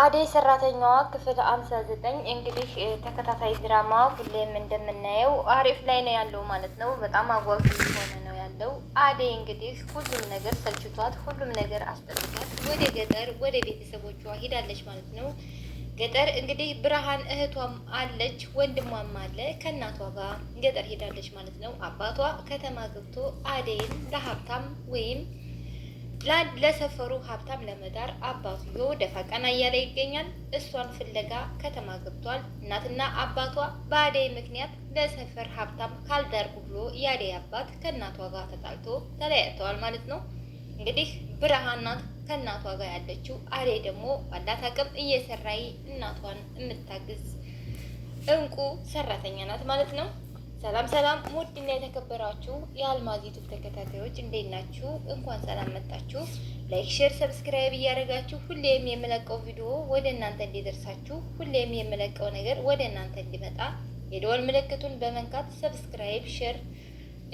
አደይ ሰራተኛዋ ክፍል አምሳ ዘጠኝ እንግዲህ ተከታታይ ድራማ ሁሌም እንደምናየው አሪፍ ላይ ነው ያለው ማለት ነው። በጣም አጓጊ የሆነ ነው ያለው። አደይ እንግዲህ ሁሉም ነገር ሰልችቷት፣ ሁሉም ነገር አስጠልቷት ወደ ገጠር ወደ ቤተሰቦቿ ሂዳለች ማለት ነው። ገጠር እንግዲህ ብርሃን እህቷም አለች ወንድሟም አለ ከእናቷ ጋር ገጠር ሄዳለች ማለት ነው። አባቷ ከተማ ገብቶ አደይን ለሀብታም ወይም ለሰፈሩ ሀብታም ለመዳር አባትዮ ደፋ ቀና እያለ ይገኛል። እሷን ፍለጋ ከተማ ገብቷል። እናትና አባቷ በአደይ ምክንያት ለሰፈር ሀብታም ካልዳርኩ ብሎ የአደይ አባት ከእናቷ ጋር ተጣልቶ ተለያይተዋል ማለት ነው። እንግዲህ ብርሃን ናት ከእናቷ ጋር ያለችው። አደይ ደግሞ ባላት አቅም እየሰራይ እናቷን የምታግዝ እንቁ ሰራተኛ ናት ማለት ነው። ሰላም ሰላም ውድ የተከበራችሁ የአልማዝ ዩቱብ ተከታታዮች እንዴት ናችሁ? እንኳን ሰላም መጣችሁ። ላይክ፣ ሼር፣ ሰብስክራይብ እያደረጋችሁ ሁሌም የምለቀው ቪዲዮ ወደ እናንተ እንዲደርሳችሁ ሁሌም የምለቀው ነገር ወደ እናንተ እንዲመጣ የደወል ምልክቱን በመንካት ሰብስክራይብ፣ ሼር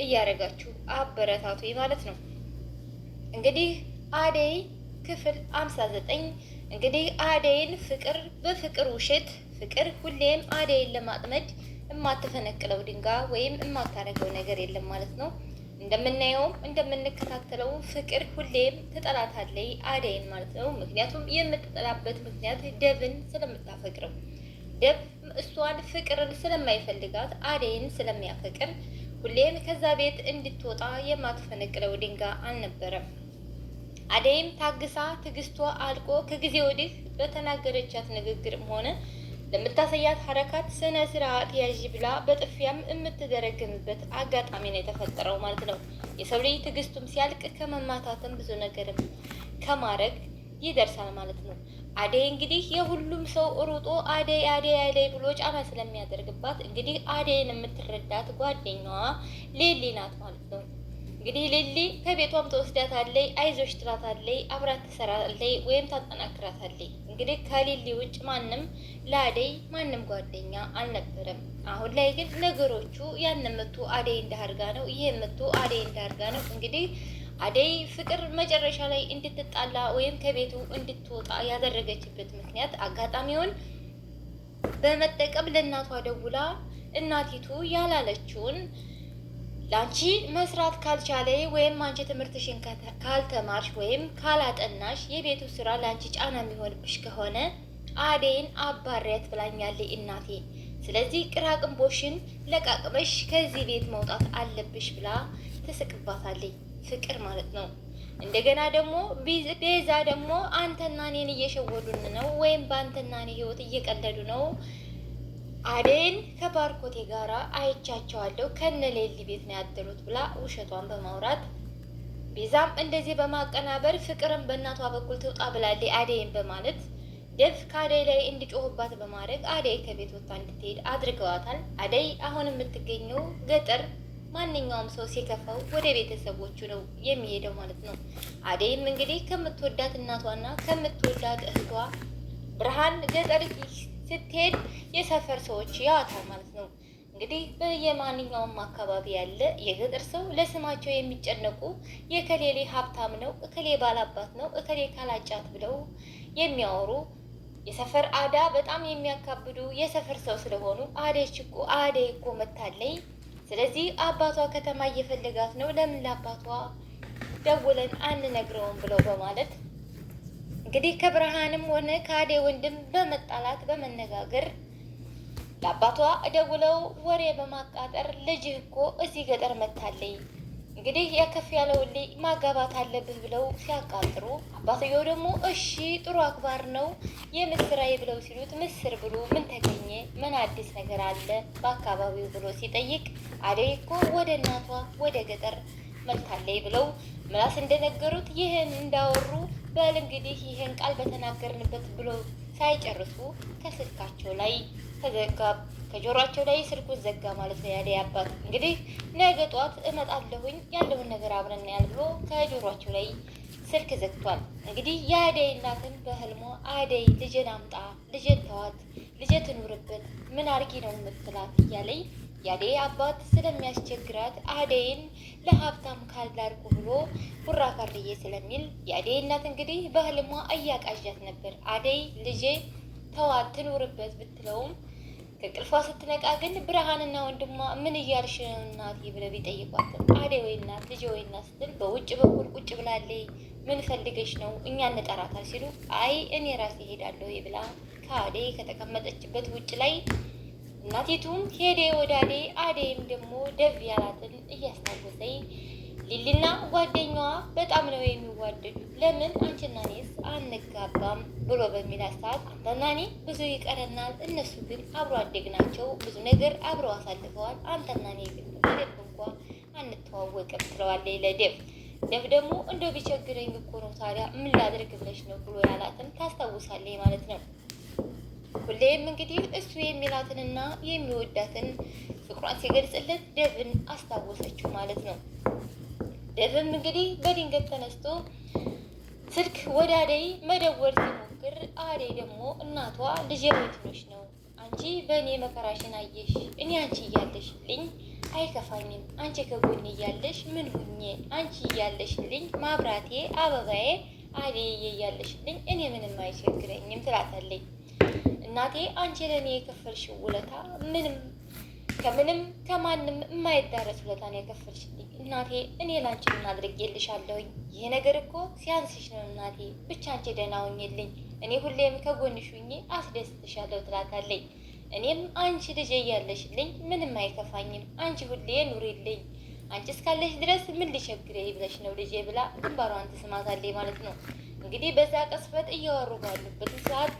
እያደረጋችሁ አበረታቱ ማለት ነው። እንግዲህ አደይ ክፍል 59 እንግዲህ አደይን ፍቅር በፍቅር ውሸት ፍቅር ሁሌም አደይን ለማጥመድ የማትፈነቅለው ድንጋይ ወይም የማታደርገው ነገር የለም ማለት ነው። እንደምናየውም እንደምንከታተለው ፍቅር ሁሌም ትጠላታለች አደይን ማለት ነው። ምክንያቱም የምትጠላበት ምክንያት ደብን ስለምታፈቅረው ደብ እሷን ፍቅርን ስለማይፈልጋት አደይን ስለሚያፈቅር ሁሌም ከዛ ቤት እንድትወጣ የማትፈነቅለው ድንጋይ አልነበረም። አደይም ታግሳ ትግስቷ አልቆ ከጊዜ ወዲህ በተናገረቻት ንግግርም ሆነ ለምታሳያት ሀረካት ስነ ስርዓት ያዥ ብላ በጥፊያም የምትደረግምበት አጋጣሚ ነው የተፈጠረው ማለት ነው። የሰው ልጅ ትዕግስቱም ሲያልቅ ከመማታትም ብዙ ነገርም ከማድረግ ይደርሳል ማለት ነው። አደይ እንግዲህ የሁሉም ሰው ሩጦ አደይ አደይ አደይ ብሎ ጫና ስለሚያደርግባት እንግዲህ አደይን የምትረዳት ጓደኛዋ ሌሊ ናት ማለት ነው። እንግዲህ ሌሊ ከቤቷም ተወስዳታለይ፣ አይዞሽ ትላታለይ፣ አብራት ትሰራለይ ወይም ታጠናክራታለይ። እንግዲህ ከሌሊ ውጭ ማንም ለአደይ ማንም ጓደኛ አልነበረም። አሁን ላይ ግን ነገሮቹ ያን ምቱ አደይ እንዳርጋ ነው፣ ይህ ምቱ አደይ እንዳርጋ ነው። እንግዲህ አደይ ፍቅር መጨረሻ ላይ እንድትጣላ ወይም ከቤቱ እንድትወጣ ያደረገችበት ምክንያት አጋጣሚውን በመጠቀም ለእናቷ ደውላ እናቲቱ ያላለችውን ለአንቺ መስራት ካልቻለ ወይም አንቺ ትምህርትሽን ካልተማርሽ ወይም ካላጠናሽ የቤቱ ስራ ለአንቺ ጫና የሚሆንብሽ ከሆነ አደይን አባሪያት ብላኛለች እናቴ። ስለዚህ ቅራቅንቦሽን ለቃቅመሽ ከዚህ ቤት መውጣት አለብሽ ብላ ትስቅባታለች። ፍቅር ማለት ነው። እንደገና ደግሞ ቤዛ ደግሞ አንተና እኔን እየሸወዱን ነው ወይም በአንተና እኔ ህይወት እየቀለዱ ነው አደይን ከባርኮቴ ጋራ አይቻቸዋለሁ ከነ ሌሊ ቤት ነው ያደሩት ብላ ውሸቷን በማውራት ቤዛም እንደዚህ በማቀናበር ፍቅርን በእናቷ በኩል ትውጣ ብላለች አደይን በማለት ደፍ ከአደይ ላይ እንዲጮህባት በማድረግ አደይ ከቤት ወጥታ እንድትሄድ አድርገዋታል። አደይ አሁን የምትገኘው ገጠር ማንኛውም ሰው ሲከፋው ወደ ቤተሰቦቹ ነው የሚሄደው ማለት ነው። አደይም እንግዲህ ከምትወዳት እናቷና ከምትወዳት እህቷ ብርሃን ገጠር ስትሄድ የሰፈር ሰዎች ያዋታል ማለት ነው። እንግዲህ በየማንኛውም አካባቢ ያለ የገጠር ሰው ለስማቸው የሚጨነቁ የከሌሌ ሀብታም ነው፣ እከሌ ባላባት ነው፣ እከሌ ካላጫት ብለው የሚያወሩ የሰፈር አዳ በጣም የሚያካብዱ የሰፈር ሰው ስለሆኑ አደይ እኮ አደይ እኮ መታለይ፣ ስለዚህ አባቷ ከተማ እየፈለጋት ነው፣ ለምን ለአባቷ ደውለን አንነግረውም ብለው በማለት እንግዲህ ከብርሃንም ሆነ ከአዴ ወንድም በመጣላት በመነጋገር ለአባቷ እደውለው ወሬ በማቃጠር ልጅህ እኮ እዚህ ገጠር መታለኝ እንግዲህ የከፍ ያለውን ማጋባት አለብህ ብለው ሲያቃጥሩ አባትየው ደግሞ እሺ ጥሩ አክባር ነው የምስራዬ ብለው ሲሉት ምስር ብሎ ምን ተገኘ? ምን አዲስ ነገር አለ በአካባቢው ብሎ ሲጠይቅ አደይ እኮ ወደ እናቷ ወደ ገጠር መልታለይ ብለው ምላስ እንደነገሩት ይህን እንዳወሩ በል እንግዲህ ይህን ቃል በተናገርንበት ብሎ ሳይጨርሱ ከስልካቸው ላይ ተዘጋ፣ ከጆሯቸው ላይ ስልኩን ዘጋ ማለት ነው። ያደይ አባት እንግዲህ ነገ ጠዋት እመጣለሁኝ ያለውን ነገር አብረን ያል ብሎ ከጆሯቸው ላይ ስልክ ዘግቷል። እንግዲህ የአደይ እናትን በህልሞ አደይ ልጄን አምጣ፣ ልጄን ተዋት፣ ልጄ ትኑርበት፣ ምን አርጊ ነው የምትላት እያለኝ የአደይ አባት ስለሚያስቸግራት አደይን ለሀብታም ካልዳርኩ ብሎ ቡራ ካርዬ ስለሚል የአደይ እናት እንግዲህ በህልሟ እያቃዣት ነበር። አደይ ልጄ ተዋ ትኑርበት ብትለውም ከቅልፏ ስትነቃ ግን ብርሃንና ወንድሟ ምን እያልሽ ነው እናቴ ብለው ቢጠይቋትም አደይ ወይ እናት ልጄ ወይ እናት ስትል በውጭ በኩል ቁጭ ብላለይ ምን ፈልገሽ ነው እኛ እንጠራታል ሲሉ አይ እኔ ራሴ እሄዳለሁ ብላ ከአደይ ከተቀመጠችበት ውጭ ላይ እናቲቱም ሄዴ ወዳዴ አዴ አዴም ደግሞ ደብ ያላትን እያስታወሰኝ ሊሊና ጓደኛዋ በጣም ነው የሚዋደዱ፣ ለምን አንቺና እኔስ አንጋባም ብሎ በሚል ሀሳብ አንተና እኔ ብዙ ይቀረናል፣ እነሱ ግን አብሮ አደግ ናቸው፣ ብዙ ነገር አብረው አሳልፈዋል። አንተና እኔ ግን በደንብ እንኳ አንተዋወቅም ትለዋለች ለደብ። ደብ ደግሞ እንደው ቢቸግረኝ እኮ ነው ታዲያ ምን ላድርግ ብለሽ ነው ብሎ ያላትን ታስታውሳለች ማለት ነው። ሁሌም እንግዲህ እሱ የሚላትንና የሚወዳትን ፍቅሯን ሲገልጽለት ደብን አስታወሰችው ማለት ነው። ደብም እንግዲህ በድንገት ተነስቶ ስልክ ወደ አደይ መደወል ሲሞክር አደይ ደግሞ እናቷ ልጅ ወትኖች ነው አንቺ በእኔ መከራሽን አየሽ፣ እኔ አንቺ እያለሽልኝ አይከፋኝም፣ አንቺ ከጎን እያለሽ ምን ሁኜ፣ አንቺ እያለሽልኝ ማብራቴ አበባዬ አደይ እያለሽልኝ እኔ ምንም አይቸግረኝም ትላታለኝ። እናቴ አንቺ ለእኔ የከፈልሽው ውለታ ምንም ከምንም ከማንም የማይዳረስ ውለታ ነው የከፈልሽልኝ እናቴ። እኔ ላንቺ ምን አድርጌልሻለሁኝ? ይሄ ነገር እኮ ሲያንስሽ ነው እናቴ። ብቻ አንቺ ደህና ሁኚልኝ፣ እኔ ሁሌም ከጎንሽ ሁኜ አስደስትሻለሁ ትላታለኝ። እኔም አንቺ ልጄ እያለሽልኝ ምንም አይከፋኝም፣ አንቺ ሁሌ ኑሪልኝ አንቺ እስካለሽ ድረስ ምን ልቸግረኝ ብለሽ ነው ልጄ ብላ ግንባሯን ትስማታለች ማለት ነው። እንግዲህ በዛ ቀስፈት እያወሩ ባሉበት ሰዓት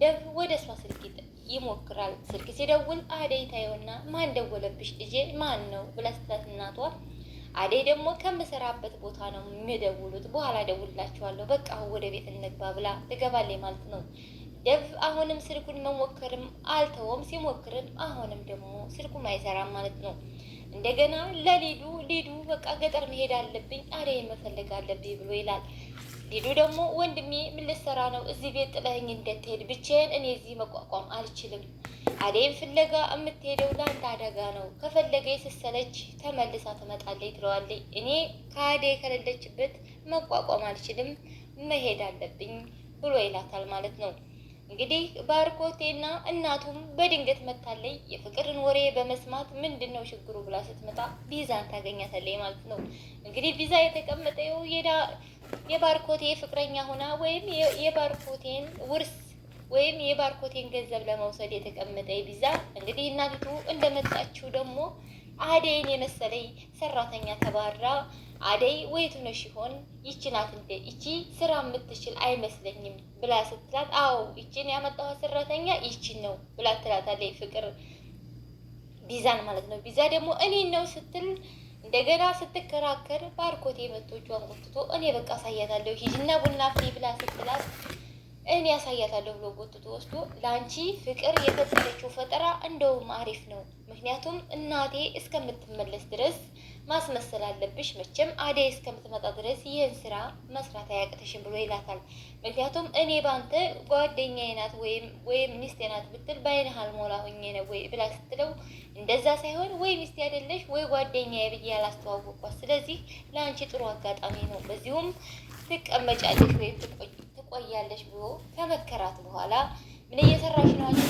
ደብ ወደ እሷ ስልክ ይሞክራል። ስልክ ሲደውል አደይ ታየውና ማን ደወለብሽ ልጄ ማን ነው ብላ ስትላት እናቷ አደይ ደግሞ ከምሰራበት ቦታ ነው የሚደውሉት፣ በኋላ ደውልላችኋለሁ፣ በቃ አሁን ወደ ቤት እንግባ ብላ ትገባለች ማለት ነው። ደብ አሁንም ስልኩን መሞከርም አልተወም። ሲሞክርም አሁንም ደግሞ ስልኩም አይሰራም ማለት ነው። እንደገና ለሊዱ ሊዱ በቃ ገጠር መሄድ አለብኝ አደይ መፈለግ አለብኝ ብሎ ይላል። ሊዱ ደግሞ ወንድሜ ምን ነው እዚህ ቤት ጥለህኝ እንደትሄድ ብቻዬን እኔ እዚህ መቋቋም አልችልም። አደይም ፍለጋ የምትሄደው ለአንተ አደጋ ነው። ከፈለገ የሰሰለች ተመልሳ ትመጣለች ትለዋለች። እኔ ከአደይ ከሌለችበት መቋቋም አልችልም፣ መሄድ አለብኝ ብሎ ይላታል ማለት ነው። እንግዲህ ባርኮቴና እናቱም በድንገት መታለይ የፍቅርን ወሬ በመስማት ምንድን ነው ችግሩ ብላ ስትመጣ ቪዛን ታገኛታለች ማለት ነው። እንግዲህ ቪዛ የተቀመጠው የባርኮቴ ፍቅረኛ ሆና ወይም የባርኮቴን ውርስ ወይም የባርኮቴን ገንዘብ ለመውሰድ የተቀመጠ ቢዛ እንግዲህ እናቲቱ እንደመጣችው ደግሞ አደይን የመሰለኝ ሰራተኛ ተባራ አደይ ወይቱ ነው ሲሆን ይችናት እንደ ይቺ ስራ የምትችል አይመስለኝም ብላ ስትላት፣ አዎ ይቺን ያመጣኋት ሰራተኛ ይችን ነው ብላ ትላታለች። ፍቅር ቢዛን ማለት ነው። ቢዛ ደግሞ እኔን ነው ስትል እንደገና ስትከራከር ባርኮት መቶ እጇን ጎትቶ እኔ በቃ አሳያታለሁ ሂጂና ቡና ፍሬ ብላ ስትላት እኔ ያሳያታለሁ ብሎ ጎትቶ ወስዶ ለአንቺ ፍቅር የፈጠረችው ፈጠራ እንደውም አሪፍ ነው። ምክንያቱም እናቴ እስከምትመለስ ድረስ ማስመሰል አለብሽ። መቼም አደይ እስከምትመጣ ድረስ ይህን ስራ መስራት አያቅተሽም ብሎ ይላታል። ምክንያቱም እኔ ባንተ ጓደኛዬ ናት ወይም ወይም ሚስቴ ናት ብትል በአይነ አልሞላ ሆኜ ነው ወይ ብላ ስትለው እንደዛ ሳይሆን ወይ ሚስቴ አይደለሽ ወይ ጓደኛዬ ብዬ ያላስተዋወቅኳት፣ ስለዚህ ለአንቺ ጥሩ አጋጣሚ ነው፣ በዚሁም ትቀመጫለሽ ወይም ትቆያለሽ ብሎ ከመከራት በኋላ ምን እየሰራሽ ነው አንቺ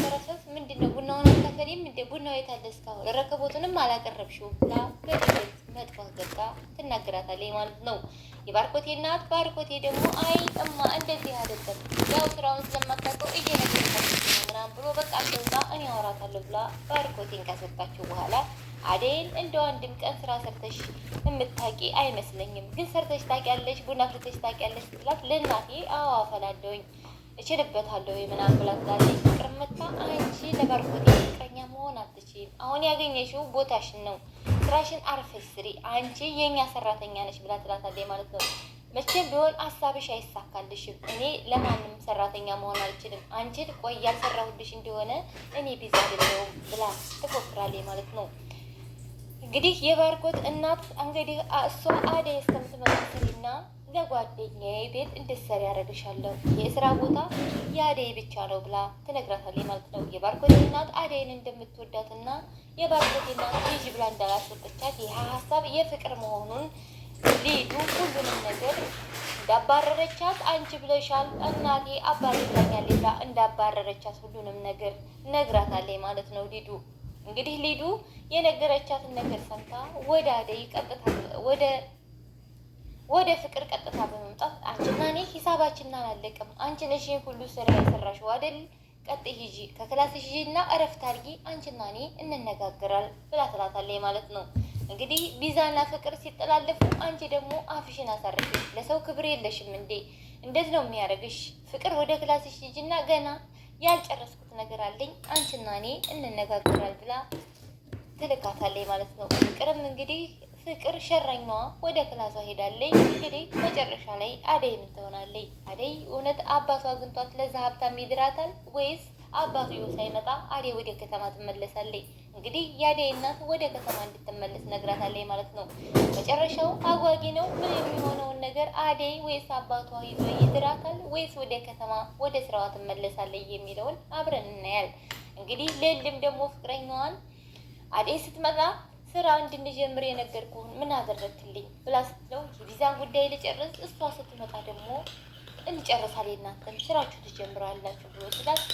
ምንድን ነው ቡናውን አታፈሊም እንዴ ቡናው የት እስካሁን ረከቦቱንም አላቀረብሽውም ብላ በድንገት ነጥፋ ገጣ ትናገራታለች ማለት ነው። የባርኮቴ እናት ባርኮቴ ደግሞ አይ እማ እንደዚህ አይደለም ያው ስራውን ስለማታውቀው እየነገርኳት ምናምን ብሎ በቃ እንደዛ እኔ አወራታለሁ ብላ ባርኮቴን ካሰጣችው በኋላ አዴን እንደ አንድም ቀን ስራ ሰርተሽ የምታውቂ አይመስለኝም፣ ግን ሰርተሽ ታውቂያለሽ? ቡና ፍርተሽ ታውቂያለሽ? ብላት ለእናቴ አዎ አፈላለሁኝ እችልበታለሁ ምናምን ብላት ዛለች። ፍቅር መታ አንቺ ለባርኮቴ ፍቅረኛ መሆን አትችይም። አሁን ያገኘሽው ቦታሽን ነው። ስራሽን አርፈሽ ስሪ። አንቺ የእኛ ሰራተኛ ነች ብላ ትላታለች ማለት ነው። መቼም ቢሆን ሀሳብሽ አይሳካልሽም። እኔ ለማንም ሰራተኛ መሆን አልችልም። አንቺን ቆይ ያልሰራሁልሽ እንደሆነ እኔ ቢዛ አይደለሁም ብላ ትፎክራለች ማለት ነው። እንግዲህ የባርኮት እናት እንግዲህ እሷ አደይ እስከምትመለስልና ለጓደኛዬ ቤት እንድትሰሪ ያደርግሻለሁ የስራ ቦታ የአደይ ብቻ ነው ብላ ትነግራታለች ማለት ነው። የባርኮት እናት አደይን እንደምትወዳትና የባርኮት እናት ልጅ ብላ እንዳላስወጠቻት ይህ ሀሳብ የፍቅር መሆኑን ሊዱ ሁሉንም ነገር እንዳባረረቻት አንቺ ብለሻል እናቴ አባቴ ብላኛል ብላ እንዳባረረቻት ሁሉንም ነገር ነግራታለች ማለት ነው ሊዱ እንግዲህ ሊዱ የነገረቻትን ነገር ሰምታ ወደ አደይ ቀጥታ ወደ ወደ ፍቅር ቀጥታ በመምጣት አንቺና እኔ ሂሳባችንን አላለቅም። አንቺ ነሽ ሁሉ ስራ የሰራሽው አይደል? ቀጥ ሂጂ ከክላስ ሂጂና እረፍት አድርጊ፣ አንቺና እኔ እንነጋገራል ብላ ትላታለች ማለት ነው። እንግዲህ ቢዛና ፍቅር ሲጠላለፉ አንቺ ደግሞ አፍሽን አሳረፍሽ። ለሰው ክብር የለሽም እንዴ? እንዴት ነው የሚያደርግሽ? ፍቅር ወደ ክላስሽ ሂጂና ገና ያልጨረስኩት ነገር አለኝ አንቺና እኔ እንነጋገራል ብላ ትልካታለች ማለት ነው። ፍቅርም እንግዲህ ፍቅር ሸረኛዋ ወደ ክላሷ ሄዳለች። እንግዲህ መጨረሻ ላይ አደይ ምን ትሆናለች? አደይ እውነት አባቷ አግኝቷት ለዛ ሀብታም ይድራታል ወይስ አባቱ ሳይመጣ አደይ ወደ ከተማ ትመለሳለች? እንግዲህ ያደይ እናት ወደ ከተማ እንድትመለስ ነግራታለች ማለት ነው። መጨረሻው አጓጊ ነው። ምን የሚሆነውን ነገር አደይ ወይስ አባቷ ይዞ ይድራታል ወይስ ወደ ከተማ ወደ ስራዋ ትመለሳለች የሚለውን አብረን እናያል። እንግዲህ ሌልም ደግሞ ፍቅረኛዋን አደይ ስትመጣ ስራ እንድንጀምር የነገርኩህን ምን አደረግክልኝ ብላ ስትለው የቪዛን ጉዳይ ልጨርስ፣ እሷ ስትመጣ ደግሞ እንጨርሳለን እናንተም ስራችሁ ትጀምራላችሁ ብሎ ስላት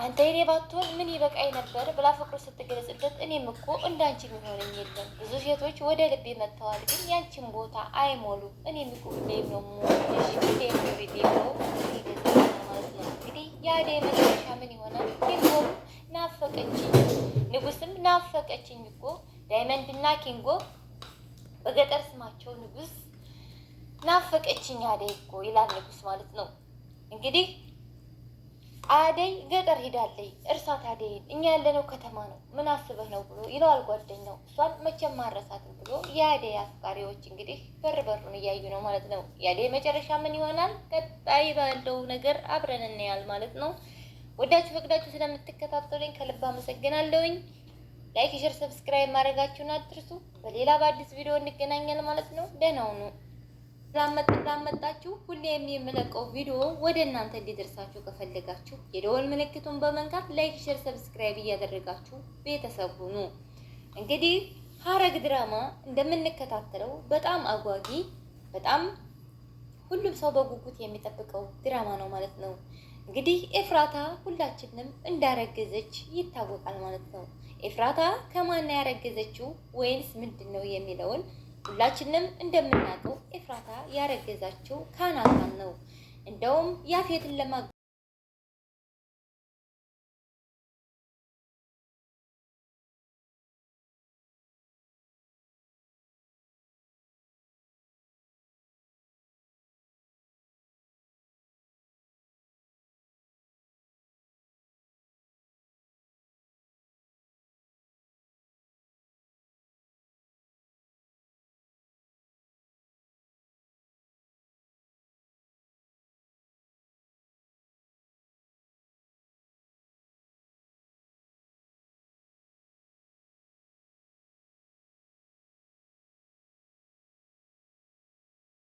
አንተ የኔ ባትሆን ምን ይበቃኝ ነበር ብላ ፍቅሩ ስትገለጽበት፣ እኔም እኮ እንዳንቺ የሚሆነኝ የለም። ብዙ ሴቶች ወደ ልቤ መጥተዋል፣ ግን ያንቺን ቦታ አይሞሉ። እኔም እኮ ሁሌም ነው የምወድሽ፣ ነው ማለት ነው። እንግዲህ መጨረሻ ምን ይሆናል? ኪንጎም ናፈቀችኝ፣ ንጉስም ናፈቀችኝ እኮ ዳይመንድ እና ኪንጎ በገጠር ስማቸው ንጉስ ናፈቀችኝ አዴ እኮ ይላል ንጉስ ማለት ነው እንግዲህ አደይ ገጠር ሂዳለይ እርሳት አደይን፣ እኛ ያለነው ከተማ ነው፣ ምን አስበህ ነው ብሎ ይለዋል ጓደኛው። እሷን መቼም ማረሳትም ብሎ የአደይ አፍቃሪዎች እንግዲህ በር በሩን እያዩ ነው ማለት ነው። የአደይ መጨረሻ ምን ይሆናል? ቀጣይ ባለው ነገር አብረን እናያል ማለት ነው። ወዳችሁ ፈቅዳችሁ ስለምትከታተሉኝ ከልብ አመሰግናለሁኝ። ላይክ፣ ሸር ሰብስክራይብ ማድረጋችሁን አትርሱ። በሌላ በአዲስ ቪዲዮ እንገናኛል ማለት ነው። ደህና ሁኑ። ላመጣችሁ ሁሌ የሚመለቀው ቪዲዮ ወደ እናንተ እንዲደርሳችሁ ከፈለጋችሁ የደወል ምልክቱን በመንካት ላይክ፣ ሼር፣ ሰብስክራይብ እያደረጋችሁ ቤተሰብ ሁኑ። እንግዲህ ሐረግ ድራማ እንደምንከታተለው በጣም አጓጊ በጣም ሁሉም ሰው በጉጉት የሚጠብቀው ድራማ ነው ማለት ነው። እንግዲህ ኤፍራታ ሁላችንም እንዳረገዘች ይታወቃል ማለት ነው። ኤፍራታ ከማን ያረገዘችው ወይንስ ምንድን ነው የሚለውን ሁላችንም እንደምናውቀው ኤፍራታ ያረገዛቸው ካናቷን ነው። እንደውም ያፌትን ለማ